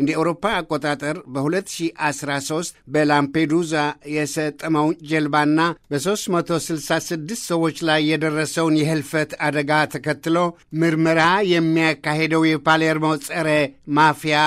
እንደ ኤውሮፓ አቆጣጠር በ2013 በላምፔዱዛ የሰጠመውን ጀልባና በ366 ሰዎች ላይ የደረሰውን የህልፈት አደጋ ተከትሎ ምርመራ የሚያካሄደው የፓሌርሞ ጸረ ማፊያ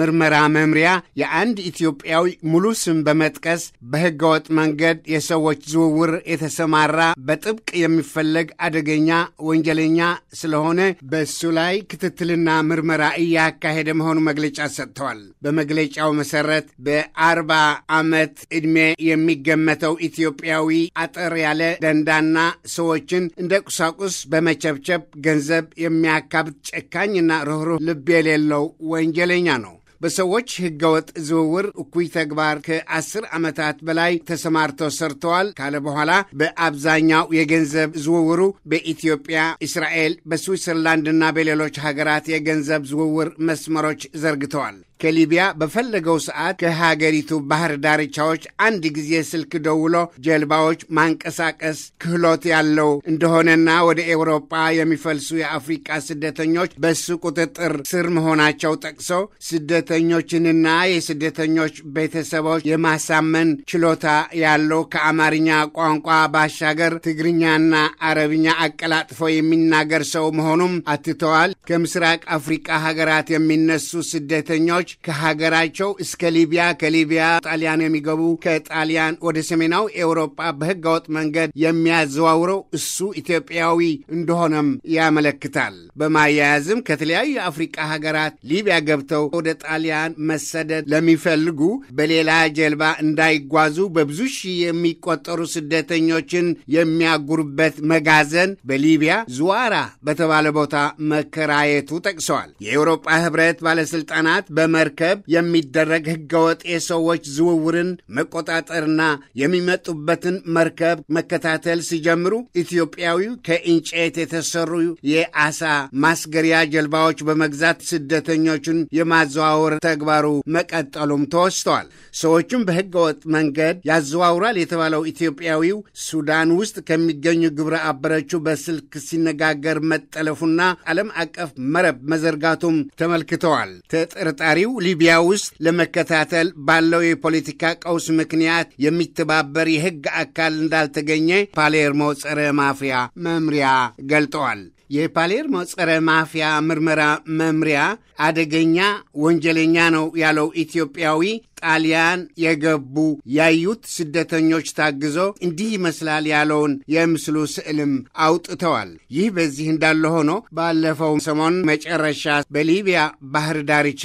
ምርመራ መምሪያ የአንድ ኢትዮጵያዊ ሙሉ ስም በመጥቀስ በህገወጥ መንገድ የሰዎች ዝውውር የተሰማራ በጥብቅ የሚፈለግ አደገኛ ወንጀለኛ ስለሆነ በእሱ ላይ ክትትልና ምርመራ እያካሄደ መሆኑ መግለጫ ሰጥቷል። ሰጥተዋል። በመግለጫው መሰረት በአርባ ዓመት ዕድሜ የሚገመተው ኢትዮጵያዊ አጠር ያለ ደንዳና ሰዎችን እንደ ቁሳቁስ በመቸብቸብ ገንዘብ የሚያካብት ጨካኝና ርኅሩህ ልብ የሌለው ወንጀለኛ ነው። በሰዎች ህገወጥ ዝውውር እኩይ ተግባር ከአስር ዓመታት በላይ ተሰማርተው ሰርተዋል ካለ በኋላ በአብዛኛው የገንዘብ ዝውውሩ በኢትዮጵያ፣ እስራኤል፣ በስዊትዘርላንድና በሌሎች ሀገራት የገንዘብ ዝውውር መስመሮች ዘርግተዋል። ከሊቢያ በፈለገው ሰዓት ከሀገሪቱ ባህር ዳርቻዎች አንድ ጊዜ ስልክ ደውሎ ጀልባዎች ማንቀሳቀስ ክህሎት ያለው እንደሆነና ወደ ኤውሮጳ የሚፈልሱ የአፍሪቃ ስደተኞች በሱ ቁጥጥር ስር መሆናቸው ጠቅሰው ስደተኞችንና የስደተኞች ቤተሰቦች የማሳመን ችሎታ ያለው ከአማርኛ ቋንቋ ባሻገር ትግርኛና አረብኛ አቀላጥፎ የሚናገር ሰው መሆኑም አትተዋል። ከምስራቅ አፍሪቃ ሀገራት የሚነሱ ስደተኞች ሰዎች ከሀገራቸው እስከ ሊቢያ፣ ከሊቢያ ጣሊያን የሚገቡ ከጣሊያን ወደ ሰሜናዊ ኤውሮጳ በህገወጥ መንገድ የሚያዘዋውረው እሱ ኢትዮጵያዊ እንደሆነም ያመለክታል። በማያያዝም ከተለያዩ የአፍሪቃ ሀገራት ሊቢያ ገብተው ወደ ጣሊያን መሰደድ ለሚፈልጉ በሌላ ጀልባ እንዳይጓዙ በብዙ ሺህ የሚቆጠሩ ስደተኞችን የሚያጉርበት መጋዘን በሊቢያ ዙዋራ በተባለ ቦታ መከራየቱ ጠቅሰዋል። የአውሮፓ ህብረት ባለስልጣናት በመ በመርከብ የሚደረግ ህገወጥ የሰዎች ዝውውርን መቆጣጠርና የሚመጡበትን መርከብ መከታተል ሲጀምሩ ኢትዮጵያዊው ከእንጨት የተሰሩ የአሳ ማስገሪያ ጀልባዎች በመግዛት ስደተኞቹን የማዘዋወር ተግባሩ መቀጠሉም ተወስተዋል። ሰዎቹም በህገወጥ መንገድ ያዘዋውራል የተባለው ኢትዮጵያዊው ሱዳን ውስጥ ከሚገኙ ግብረ አበረቹ በስልክ ሲነጋገር መጠለፉና ዓለም አቀፍ መረብ መዘርጋቱም ተመልክተዋል። ተጠርጣሪው ጉዳዩ ሊቢያ ውስጥ ለመከታተል ባለው የፖለቲካ ቀውስ ምክንያት የሚተባበር የሕግ አካል እንዳልተገኘ ፓሌርሞ ጸረ ማፊያ መምሪያ ገልጠዋል። የፓሌርሞ ጸረ ማፊያ ምርመራ መምሪያ አደገኛ ወንጀለኛ ነው ያለው ኢትዮጵያዊ ጣሊያን የገቡ ያዩት ስደተኞች ታግዞ እንዲህ ይመስላል ያለውን የምስሉ ስዕልም አውጥተዋል። ይህ በዚህ እንዳለ ሆኖ ባለፈው ሰሞን መጨረሻ በሊቢያ ባህር ዳርቻ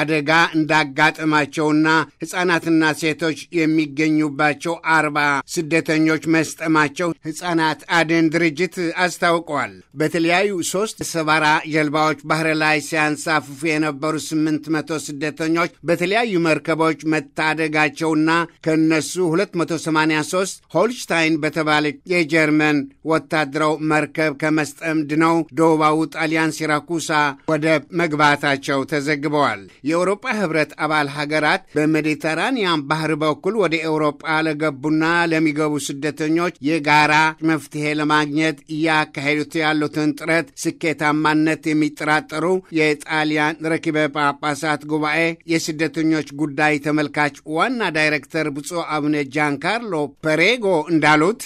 አደጋ እንዳጋጠማቸውና ሕፃናትና ሴቶች የሚገኙባቸው አርባ ስደተኞች መስጠማቸው ሕፃናት አድን ድርጅት አስታውቀዋል። በተለያዩ ሶስት ሰባራ ጀልባዎች ባህር ላይ ሲያንሳፍፉ የነበሩ ስምንት መቶ ስደተኞች በተለያዩ መርከቦች ሰዎች መታደጋቸውና ከእነሱ 283 ሆልሽታይን በተባለ የጀርመን ወታደራዊ መርከብ ከመስጠም ድነው ደቡባዊ ጣሊያን ሲራኩሳ ወደ መግባታቸው ተዘግበዋል። የአውሮፓ ህብረት አባል ሀገራት በሜዲተራንያን ባህር በኩል ወደ ኤውሮጳ ለገቡና ለሚገቡ ስደተኞች የጋራ መፍትሄ ለማግኘት እያካሄዱት ያሉትን ጥረት ስኬታማነት የሚጠራጠሩ የጣሊያን ረኪበ ጳጳሳት ጉባኤ የስደተኞች ጉዳይ ተመልካች ዋና ዳይሬክተር ብፁዕ አቡነ ጃንካርሎ ፐሬጎ እንዳሉት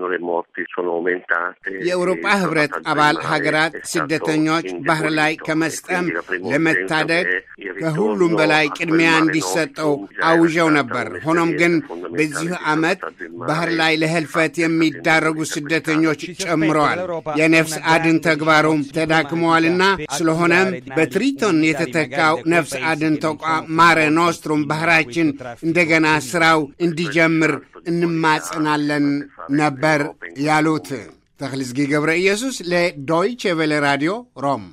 መኖር ሞርት የአውሮፓ ህብረት አባል ሀገራት ስደተኞች ባህር ላይ ከመስጠም ለመታደግ ከሁሉም በላይ ቅድሚያ እንዲሰጠው አውዣው ነበር። ሆኖም ግን በዚህ ዓመት ባህር ላይ ለህልፈት የሚዳረጉ ስደተኞች ጨምረዋል። የነፍስ አድን ተግባሩም ተዳክመዋልና ስለሆነም በትሪቶን የተተካው ነፍስ አድን ተቋም ማረ ኖስትሩም ባህራችን እንደገና ስራው እንዲጀምር እንማጽናለን ነበር ያሉት ተክልዝጊ ገብረ ኢየሱስ ለዶይቼ ቬለ ራዲዮ ሮም